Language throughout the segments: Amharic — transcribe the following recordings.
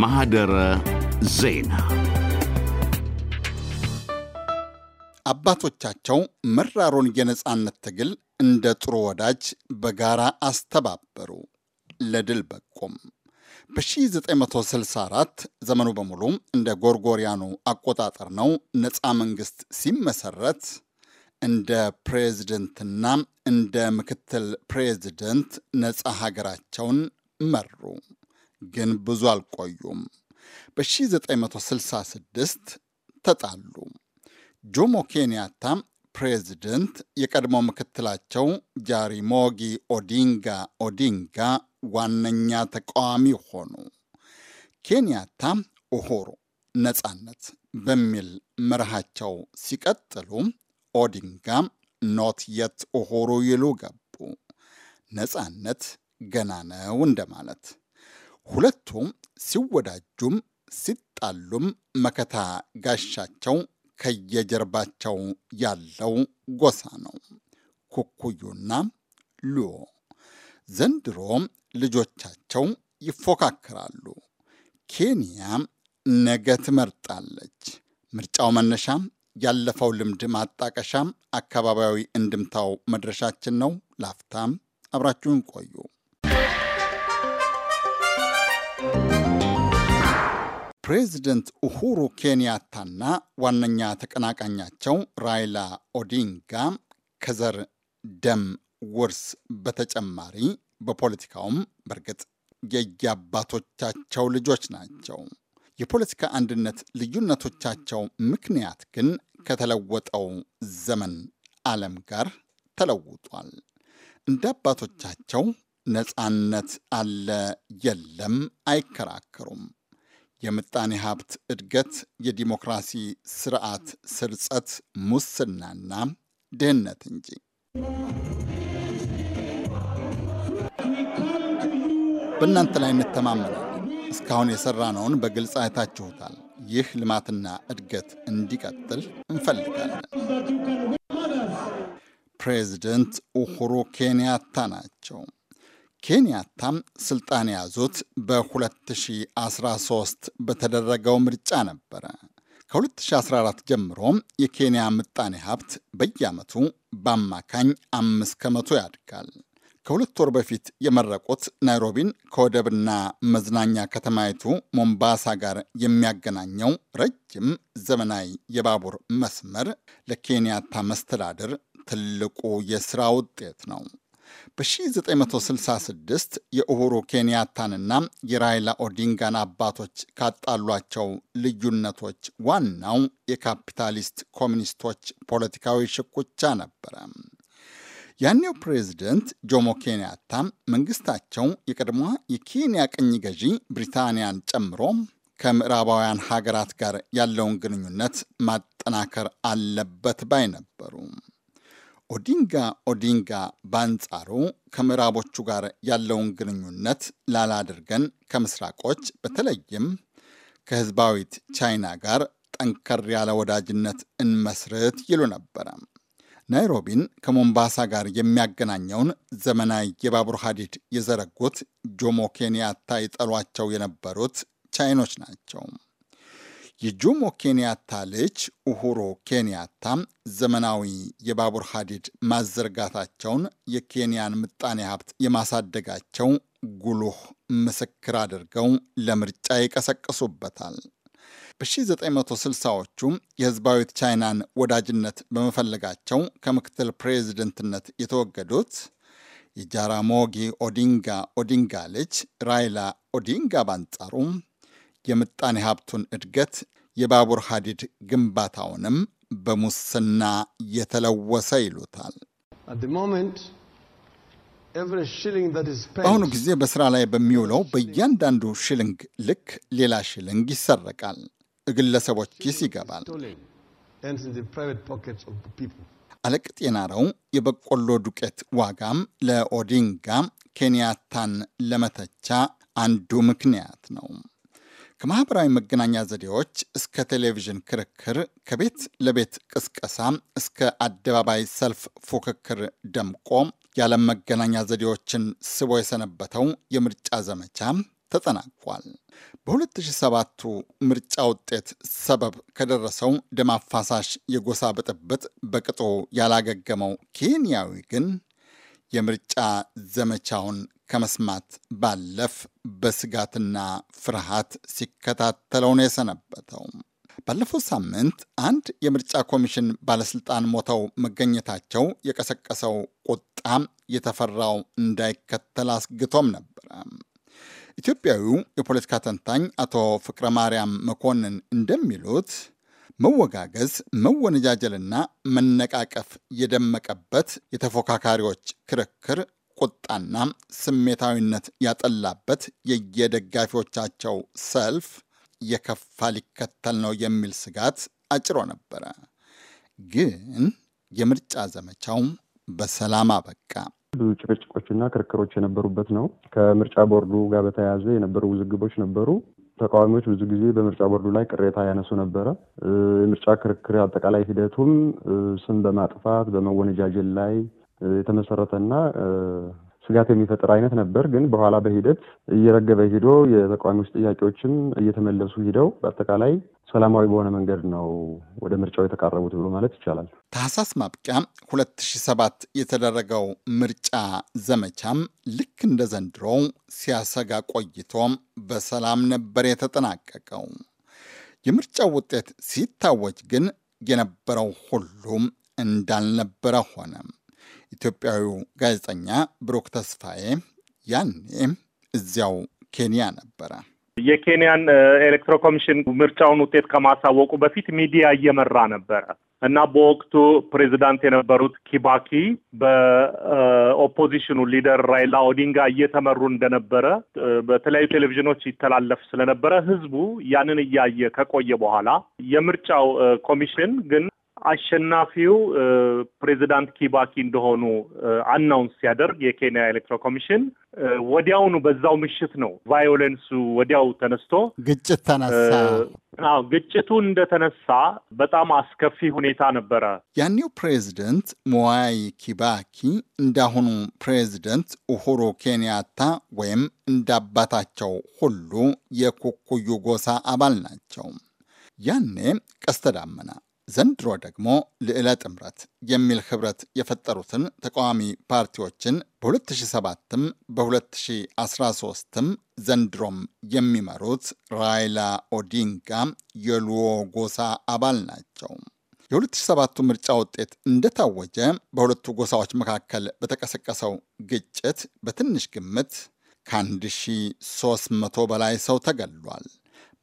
ማህደረ ዜና አባቶቻቸው መራሩን የነፃነት ትግል እንደ ጥሩ ወዳጅ በጋራ አስተባበሩ፣ ለድል በቁም። በ1964 ዘመኑ በሙሉ እንደ ጎርጎሪያኑ አቆጣጠር ነው። ነፃ መንግሥት ሲመሰረት እንደ ፕሬዝደንትና እንደ ምክትል ፕሬዝደንት ነፃ ሀገራቸውን መሩ። ግን ብዙ አልቆዩም። በ1966 ተጣሉ። ጆሞ ኬንያታ ፕሬዚደንት፣ የቀድሞ ምክትላቸው ጃሪሞጊ ኦዲንጋ ኦዲንጋ ዋነኛ ተቃዋሚ ሆኑ። ኬንያታ ኡሁሩ ነጻነት በሚል መርሃቸው ሲቀጥሉ ኦዲንጋ ኖት የት ኡሁሩ ይሉ ገቡ። ነጻነት ገና ነው እንደማለት ሁለቱም ሲወዳጁም ሲጣሉም መከታ ጋሻቸው ከየጀርባቸው ያለው ጎሳ ነው ኩኩዩና ሉዮ ዘንድሮ ልጆቻቸው ይፎካከራሉ። ኬንያ ነገ ትመርጣለች። ምርጫው መነሻ ያለፈው ልምድ ማጣቀሻ፣ አካባቢያዊ እንድምታው መድረሻችን ነው። ላፍታም አብራችሁን ቆዩ። ፕሬዚደንት ኡሁሩ ኬንያታና ዋነኛ ተቀናቃኛቸው ራይላ ኦዲንጋ ከዘር ደም ውርስ በተጨማሪ በፖለቲካውም በእርግጥ የየአባቶቻቸው ልጆች ናቸው። የፖለቲካ አንድነት ልዩነቶቻቸው ምክንያት ግን ከተለወጠው ዘመን ዓለም ጋር ተለውጧል። እንደ አባቶቻቸው ነፃነት አለ የለም አይከራከሩም። የምጣኔ ሀብት እድገት፣ የዲሞክራሲ ስርዓት ስርጸት፣ ሙስናና ድህነት እንጂ። በእናንተ ላይ እንተማመናለን። እስካሁን ነውን በግልጽ አይታችሁታል። ይህ ልማትና እድገት እንዲቀጥል እንፈልጋለን። ፕሬዚደንት ኡሁሩ ኬንያታ ናቸው። ኬንያታም ስልጣን የያዙት በ2013 በተደረገው ምርጫ ነበረ። ከ2014 ጀምሮም የኬንያ ምጣኔ ሀብት በየዓመቱ በአማካኝ አምስት ከመቶ ያድጋል። ከሁለት ወር በፊት የመረቁት ናይሮቢን ከወደብና መዝናኛ ከተማይቱ ሞምባሳ ጋር የሚያገናኘው ረጅም ዘመናዊ የባቡር መስመር ለኬንያታ መስተዳድር ትልቁ የሥራ ውጤት ነው። በ1966 የኡሁሩ ኬንያታንና የራይላ ኦዲንጋን አባቶች ካጣሏቸው ልዩነቶች ዋናው የካፒታሊስት ኮሚኒስቶች ፖለቲካዊ ሽኩቻ ነበረ። ያኔው ፕሬዝደንት ጆሞ ኬንያታ መንግስታቸው የቀድሞዋ የኬንያ ቅኝ ገዢ ብሪታንያን ጨምሮ ከምዕራባውያን ሀገራት ጋር ያለውን ግንኙነት ማጠናከር አለበት ባይ ነበሩ። ኦዲንጋ ኦዲንጋ በአንጻሩ ከምዕራቦቹ ጋር ያለውን ግንኙነት ላላድርገን ከምስራቆች በተለይም ከህዝባዊት ቻይና ጋር ጠንከር ያለ ወዳጅነት እንመስርት ይሉ ነበረ። ናይሮቢን ከሞምባሳ ጋር የሚያገናኘውን ዘመናዊ የባቡር ሀዲድ የዘረጉት ጆሞ ኬንያታ ይጠሏቸው የነበሩት ቻይኖች ናቸው። የጆሞ ኬንያታ ልጅ ኡሁሮ ኬንያታ ዘመናዊ የባቡር ሀዲድ ማዘርጋታቸውን የኬንያን ምጣኔ ሀብት የማሳደጋቸው ጉልህ ምስክር አድርገው ለምርጫ ይቀሰቅሱበታል። በ1960ዎቹ የህዝባዊት ቻይናን ወዳጅነት በመፈለጋቸው ከምክትል ፕሬዚደንትነት የተወገዱት የጃራሞጊ ኦዲንጋ ኦዲንጋ ልጅ ራይላ ኦዲንጋ ባንጻሩ የምጣኔ ሀብቱን እድገት የባቡር ሀዲድ ግንባታውንም በሙስና የተለወሰ ይሉታል። በአሁኑ ጊዜ በስራ ላይ በሚውለው በእያንዳንዱ ሽልንግ ልክ ሌላ ሽልንግ ይሰረቃል፣ ግለሰቦች ኪስ ይገባል። አለቅ ጤናረው የበቆሎ ዱቄት ዋጋም ለኦዲንጋ ኬንያታን ለመተቻ አንዱ ምክንያት ነው። ከማኅበራዊ መገናኛ ዘዴዎች እስከ ቴሌቪዥን ክርክር፣ ከቤት ለቤት ቅስቀሳ እስከ አደባባይ ሰልፍ ፉክክር ደምቆ የዓለም መገናኛ ዘዴዎችን ስቦ የሰነበተው የምርጫ ዘመቻ ተጠናቋል። በ2007ቱ ምርጫ ውጤት ሰበብ ከደረሰው ደም አፋሳሽ የጎሳ ብጥብጥ በቅጡ ያላገገመው ኬንያዊ ግን የምርጫ ዘመቻውን ከመስማት ባለፍ በስጋትና ፍርሃት ሲከታተለው ነው የሰነበተው። ባለፈው ሳምንት አንድ የምርጫ ኮሚሽን ባለስልጣን ሞተው መገኘታቸው የቀሰቀሰው ቁጣም የተፈራው እንዳይከተል አስግቶም ነበረ። ኢትዮጵያዊው የፖለቲካ ተንታኝ አቶ ፍቅረ ማርያም መኮንን እንደሚሉት መወጋገዝ፣ መወነጃጀልና መነቃቀፍ የደመቀበት የተፎካካሪዎች ክርክር ቁጣና ስሜታዊነት ያጠላበት የየደጋፊዎቻቸው ሰልፍ የከፋ ሊከተል ነው የሚል ስጋት አጭሮ ነበረ። ግን የምርጫ ዘመቻው በሰላም አበቃ። ብዙ ጭቅጭቆችና ክርክሮች የነበሩበት ነው። ከምርጫ ቦርዱ ጋር በተያያዘ የነበሩ ውዝግቦች ነበሩ። ተቃዋሚዎች ብዙ ጊዜ በምርጫ ቦርዱ ላይ ቅሬታ ያነሱ ነበረ። የምርጫ ክርክር አጠቃላይ ሂደቱም ስም በማጥፋት በመወነጃጀል ላይ የተመሰረተና ስጋት የሚፈጥር አይነት ነበር። ግን በኋላ በሂደት እየረገበ ሂዶ የተቃዋሚዎች ጥያቄዎችም እየተመለሱ ሂደው በአጠቃላይ ሰላማዊ በሆነ መንገድ ነው ወደ ምርጫው የተቃረቡት ብሎ ማለት ይቻላል። ታህሳስ ማብቂያ 2007 የተደረገው ምርጫ ዘመቻም ልክ እንደ ዘንድሮው ሲያሰጋ ቆይቶ በሰላም ነበር የተጠናቀቀው። የምርጫው ውጤት ሲታወጅ ግን የነበረው ሁሉም እንዳልነበረ ሆነም። ኢትዮጵያዊው ጋዜጠኛ ብሩክ ተስፋዬ ያኔ እዚያው ኬንያ ነበረ። የኬንያን ኤሌክትሮ ኮሚሽን ምርጫውን ውጤት ከማሳወቁ በፊት ሚዲያ እየመራ ነበረ እና በወቅቱ ፕሬዚዳንት የነበሩት ኪባኪ በኦፖዚሽኑ ሊደር ራይላ ኦዲንጋ እየተመሩ እንደነበረ በተለያዩ ቴሌቪዥኖች ይተላለፍ ስለነበረ ህዝቡ ያንን እያየ ከቆየ በኋላ የምርጫው ኮሚሽን ግን አሸናፊው ፕሬዚዳንት ኪባኪ እንደሆኑ አናውንስ ሲያደርግ የኬንያ ኤሌክትሮ ኮሚሽን ወዲያውኑ በዛው ምሽት ነው ቫዮለንሱ ወዲያው ተነስቶ ግጭት ተነሳ። ግጭቱ እንደተነሳ በጣም አስከፊ ሁኔታ ነበረ። ያኔው ፕሬዚደንት ሞዋይ ኪባኪ እንዳሁኑ ፕሬዚደንት ኡሁሩ ኬንያታ ወይም እንዳባታቸው ሁሉ የኩኩዩ ጎሳ አባል ናቸው። ያኔ ቀስተ ዳመና ዘንድሮ ደግሞ ልዕለ ጥምረት የሚል ህብረት የፈጠሩትን ተቃዋሚ ፓርቲዎችን በ2007ም በ2013ም ዘንድሮም የሚመሩት ራይላ ኦዲንጋ የሉዎ ጎሳ አባል ናቸው። የ2007ቱ ምርጫ ውጤት እንደታወጀ በሁለቱ ጎሳዎች መካከል በተቀሰቀሰው ግጭት በትንሽ ግምት ከ1300 በላይ ሰው ተገሏል።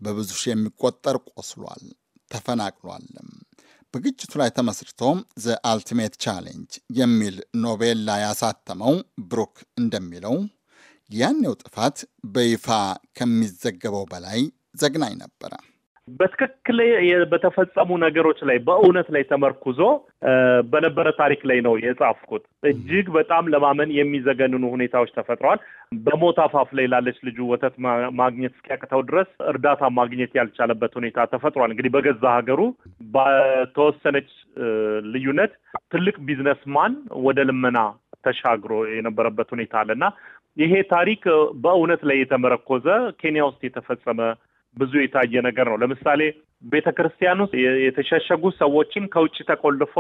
በብዙ ሺህ የሚቆጠር ቆስሏል፣ ተፈናቅሏልም። በግጭቱ ላይ ተመስርቶ ዘ አልቲሜት ቻሌንጅ የሚል ኖቤል ላይ ያሳተመው ብሩክ እንደሚለው ያኔው ጥፋት በይፋ ከሚዘገበው በላይ ዘግናኝ ነበረ። በትክክል በተፈጸሙ ነገሮች ላይ በእውነት ላይ ተመርኩዞ በነበረ ታሪክ ላይ ነው የጻፍኩት። እጅግ በጣም ለማመን የሚዘገንኑ ሁኔታዎች ተፈጥረዋል። በሞት አፋፍ ላይ ላለች ልጁ ወተት ማግኘት እስኪያቅተው ድረስ እርዳታ ማግኘት ያልቻለበት ሁኔታ ተፈጥሯል። እንግዲህ በገዛ ሀገሩ በተወሰነች ልዩነት ትልቅ ቢዝነስማን ወደ ልመና ተሻግሮ የነበረበት ሁኔታ አለና ይሄ ታሪክ በእውነት ላይ የተመረኮዘ ኬንያ ውስጥ የተፈጸመ ብዙ የታየ ነገር ነው። ለምሳሌ ቤተ ክርስቲያን ውስጥ የተሸሸጉ ሰዎችን ከውጭ ተቆልፎ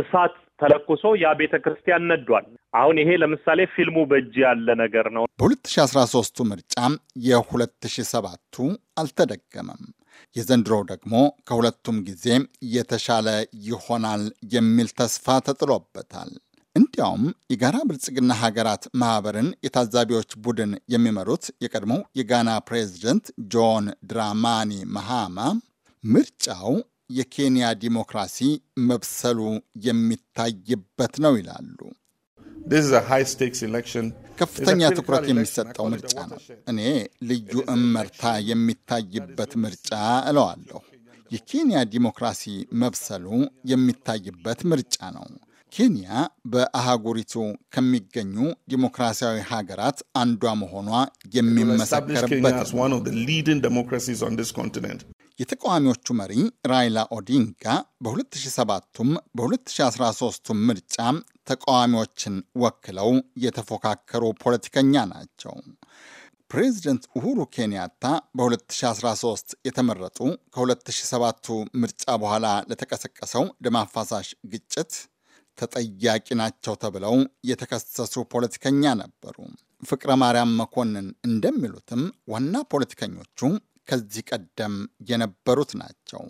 እሳት ተለኩሶ ያ ቤተ ክርስቲያን ነዷል። አሁን ይሄ ለምሳሌ ፊልሙ በእጅ ያለ ነገር ነው። በ2013ቱ የ2007ቱ አልተደገመም። የዘንድሮው ደግሞ ከሁለቱም ጊዜ የተሻለ ይሆናል የሚል ተስፋ ተጥሎበታል። እንዲያውም የጋራ ብልጽግና ሀገራት ማህበርን የታዛቢዎች ቡድን የሚመሩት የቀድሞው የጋና ፕሬዝደንት ጆን ድራማኒ መሃማ ምርጫው የኬንያ ዲሞክራሲ መብሰሉ የሚታይበት ነው ይላሉ። ከፍተኛ ትኩረት የሚሰጠው ምርጫ ነው። እኔ ልዩ እመርታ የሚታይበት ምርጫ እለዋለሁ። የኬንያ ዲሞክራሲ መብሰሉ የሚታይበት ምርጫ ነው። ኬንያ በአህጉሪቱ ከሚገኙ ዲሞክራሲያዊ ሀገራት አንዷ መሆኗ የሚመሰከርበት የተቃዋሚዎቹ መሪ ራይላ ኦዲንጋ በ2007ቱም በ2013ቱም ምርጫ ተቃዋሚዎችን ወክለው የተፎካከሩ ፖለቲከኛ ናቸው። ፕሬዚደንት ኡሁሩ ኬንያታ በ2013 የተመረጡ ከ2007ቱ ምርጫ በኋላ ለተቀሰቀሰው ደም አፋሳሽ ግጭት ተጠያቂ ናቸው ተብለው የተከሰሱ ፖለቲከኛ ነበሩ። ፍቅረ ማርያም መኮንን እንደሚሉትም ዋና ፖለቲከኞቹ ከዚህ ቀደም የነበሩት ናቸው።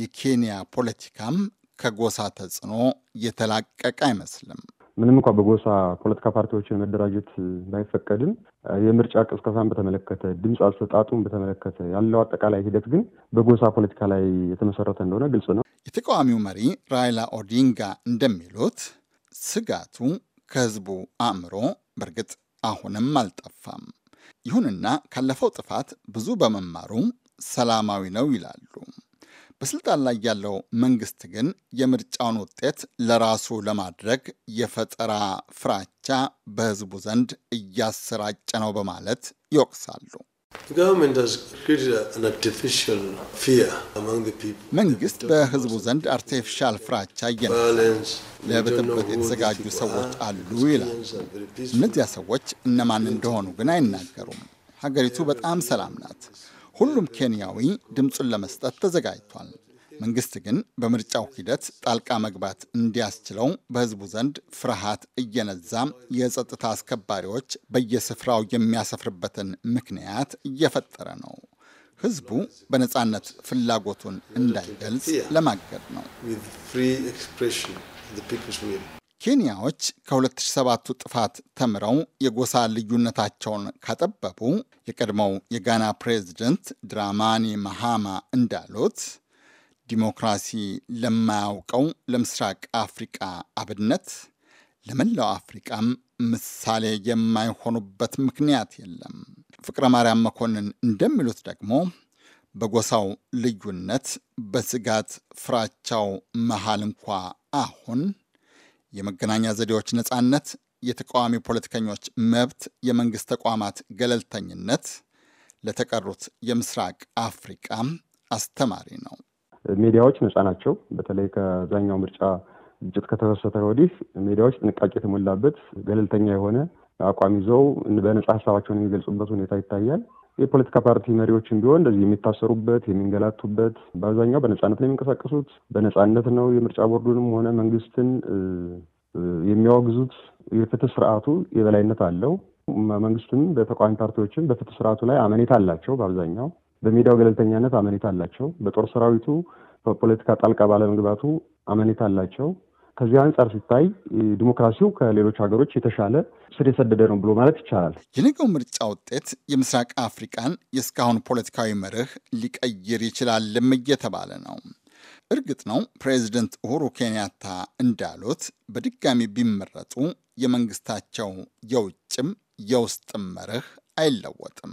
የኬንያ ፖለቲካም ከጎሳ ተጽዕኖ የተላቀቀ አይመስልም። ምንም እንኳ በጎሳ ፖለቲካ ፓርቲዎችን መደራጀት ባይፈቀድም የምርጫ ቅስቀሳን በተመለከተ ድምፅ አሰጣጡን በተመለከተ ያለው አጠቃላይ ሂደት ግን በጎሳ ፖለቲካ ላይ የተመሰረተ እንደሆነ ግልጽ ነው። የተቃዋሚው መሪ ራይላ ኦዲንጋ እንደሚሉት ስጋቱ ከህዝቡ አእምሮ በእርግጥ አሁንም አልጠፋም። ይሁንና ካለፈው ጥፋት ብዙ በመማሩ ሰላማዊ ነው ይላሉ። በስልጣን ላይ ያለው መንግስት ግን የምርጫውን ውጤት ለራሱ ለማድረግ የፈጠራ ፍራቻ በህዝቡ ዘንድ እያሰራጨ ነው በማለት ይወቅሳሉ። መንግስት በህዝቡ ዘንድ አርቲፊሻል ፍራቻ እየነሳ ለብጥብጥ የተዘጋጁ ሰዎች አሉ ይላል። እነዚያ ሰዎች እነማን እንደሆኑ ግን አይናገሩም። ሀገሪቱ በጣም ሰላም ናት። ሁሉም ኬንያዊ ድምፁን ለመስጠት ተዘጋጅቷል። መንግስት ግን በምርጫው ሂደት ጣልቃ መግባት እንዲያስችለው በህዝቡ ዘንድ ፍርሃት እየነዛ የጸጥታ አስከባሪዎች በየስፍራው የሚያሰፍርበትን ምክንያት እየፈጠረ ነው። ህዝቡ በነፃነት ፍላጎቱን እንዳይገልጽ ለማገድ ነው። ኬንያዎች ከ2007ቱ ጥፋት ተምረው የጎሳ ልዩነታቸውን ካጠበቡ የቀድሞው የጋና ፕሬዝደንት ድራማኒ መሃማ እንዳሉት ዲሞክራሲ ለማያውቀው ለምስራቅ አፍሪቃ አብነት ለመላው አፍሪቃም ምሳሌ የማይሆኑበት ምክንያት የለም። ፍቅረ ማርያም መኮንን እንደሚሉት ደግሞ በጎሳው ልዩነት፣ በስጋት ፍራቻው መሃል እንኳ አሁን የመገናኛ ዘዴዎች ነፃነት፣ የተቃዋሚ ፖለቲከኞች መብት፣ የመንግሥት ተቋማት ገለልተኝነት ለተቀሩት የምስራቅ አፍሪቃ አስተማሪ ነው። ሚዲያዎች ነጻ ናቸው። በተለይ ከዛኛው ምርጫ ግጭት ከተከሰተ ወዲህ ሚዲያዎች ጥንቃቄ የተሞላበት ገለልተኛ የሆነ አቋም ይዘው በነጻ ሀሳባቸውን የሚገልጹበት ሁኔታ ይታያል። የፖለቲካ ፓርቲ መሪዎችም ቢሆን እንደዚህ የሚታሰሩበት የሚንገላቱበት፣ በአብዛኛው በነጻነት ነው የሚንቀሳቀሱት። በነጻነት ነው የምርጫ ቦርዱንም ሆነ መንግስትን የሚያወግዙት። የፍትህ ስርዓቱ የበላይነት አለው። መንግስትም በተቃዋሚ ፓርቲዎችም በፍትህ ስርዓቱ ላይ አመኔታ አላቸው በአብዛኛው በሜዳው ገለልተኛነት አመኔታ አላቸው። በጦር ሰራዊቱ በፖለቲካ ጣልቃ ባለመግባቱ አመኔታ አላቸው። ከዚህ አንጻር ሲታይ ዲሞክራሲው ከሌሎች ሀገሮች የተሻለ ስር የሰደደ ነው ብሎ ማለት ይቻላል። የነገው ምርጫ ውጤት የምስራቅ አፍሪቃን የእስካሁን ፖለቲካዊ መርህ ሊቀይር ይችላልም እየተባለ ነው። እርግጥ ነው ፕሬዚደንት ኡሁሩ ኬንያታ እንዳሉት በድጋሚ ቢመረጡ የመንግስታቸው የውጭም የውስጥም መርህ አይለወጥም።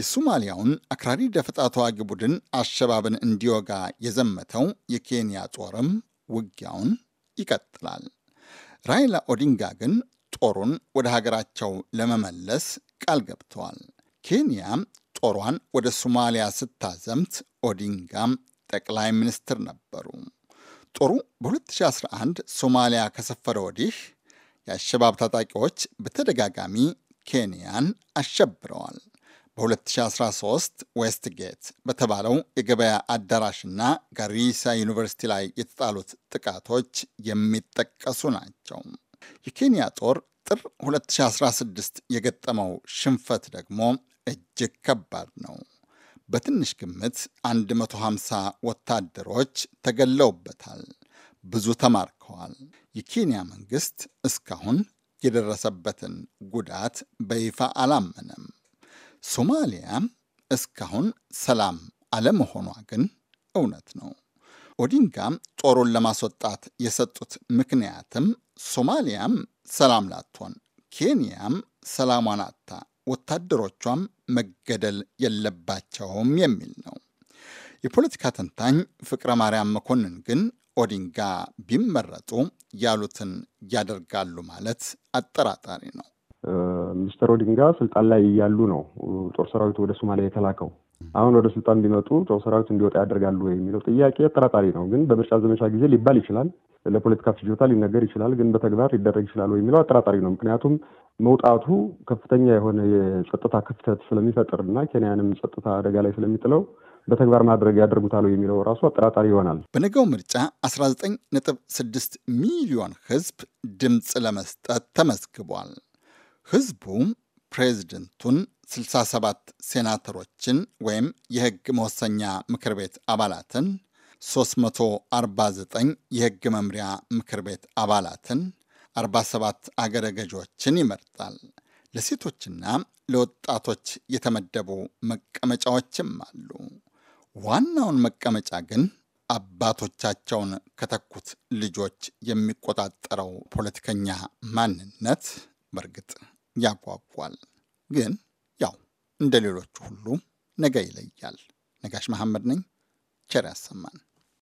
የሶማሊያውን አክራሪ ደፈጣ ተዋጊ ቡድን አሸባብን እንዲወጋ የዘመተው የኬንያ ጦርም ውጊያውን ይቀጥላል። ራይላ ኦዲንጋ ግን ጦሩን ወደ ሀገራቸው ለመመለስ ቃል ገብተዋል። ኬንያ ጦሯን ወደ ሶማሊያ ስታዘምት ኦዲንጋም ጠቅላይ ሚኒስትር ነበሩ። ጦሩ በ2011 ሶማሊያ ከሰፈረ ወዲህ የአሸባብ ታጣቂዎች በተደጋጋሚ ኬንያን አሸብረዋል። በ2013 ዌስትጌት በተባለው የገበያ አዳራሽና ጋሪሳ ዩኒቨርሲቲ ላይ የተጣሉት ጥቃቶች የሚጠቀሱ ናቸው። የኬንያ ጦር ጥር 2016 የገጠመው ሽንፈት ደግሞ እጅግ ከባድ ነው። በትንሽ ግምት 150 ወታደሮች ተገለውበታል፣ ብዙ ተማርከዋል። የኬንያ መንግስት እስካሁን የደረሰበትን ጉዳት በይፋ አላመነም። ሶማሊያ እስካሁን ሰላም አለመሆኗ ግን እውነት ነው። ኦዲንጋም ጦሩን ለማስወጣት የሰጡት ምክንያትም ሶማሊያም ሰላም ላትሆን፣ ኬንያም ሰላሟን አታ፣ ወታደሮቿም መገደል የለባቸውም የሚል ነው። የፖለቲካ ተንታኝ ፍቅረ ማርያም መኮንን ግን ኦዲንጋ ቢመረጡ ያሉትን ያደርጋሉ ማለት አጠራጣሪ ነው። ሚስተር ኦዲንጋ ስልጣን ላይ እያሉ ነው ጦር ሰራዊቱ ወደ ሶማሊያ የተላከው። አሁን ወደ ስልጣን ቢመጡ ጦር ሰራዊት እንዲወጣ ያደርጋሉ የሚለው ጥያቄ ጠራጣሪ ነው። ግን በምርጫ ዘመቻ ጊዜ ሊባል ይችላል፣ ለፖለቲካ ፍጆታ ሊነገር ይችላል። ግን በተግባር ሊደረግ ይችላል ወይ የሚለው አጠራጣሪ ነው። ምክንያቱም መውጣቱ ከፍተኛ የሆነ የጸጥታ ክፍተት ስለሚፈጥር እና ኬንያንም ጸጥታ አደጋ ላይ ስለሚጥለው በተግባር ማድረግ ያደርጉታል የሚለው ራሱ አጠራጣሪ ይሆናል። በነገው ምርጫ 19.6 ሚሊዮን ህዝብ ድምፅ ለመስጠት ተመዝግቧል። ህዝቡም ፕሬዝደንቱን 67 ሴናተሮችን ወይም የህግ መወሰኛ ምክር ቤት አባላትን 349 የህግ መምሪያ ምክር ቤት አባላትን 47 አገረ ገዦችን ይመርጣል። ለሴቶችና ለወጣቶች የተመደቡ መቀመጫዎችም አሉ። ዋናውን መቀመጫ ግን አባቶቻቸውን ከተኩት ልጆች የሚቆጣጠረው ፖለቲከኛ ማንነት በእርግጥ ያጓጓል። ግን ያው እንደ ሌሎቹ ሁሉ ነገ ይለያል። ነጋሽ መሐመድ ነኝ። ቸር ያሰማን።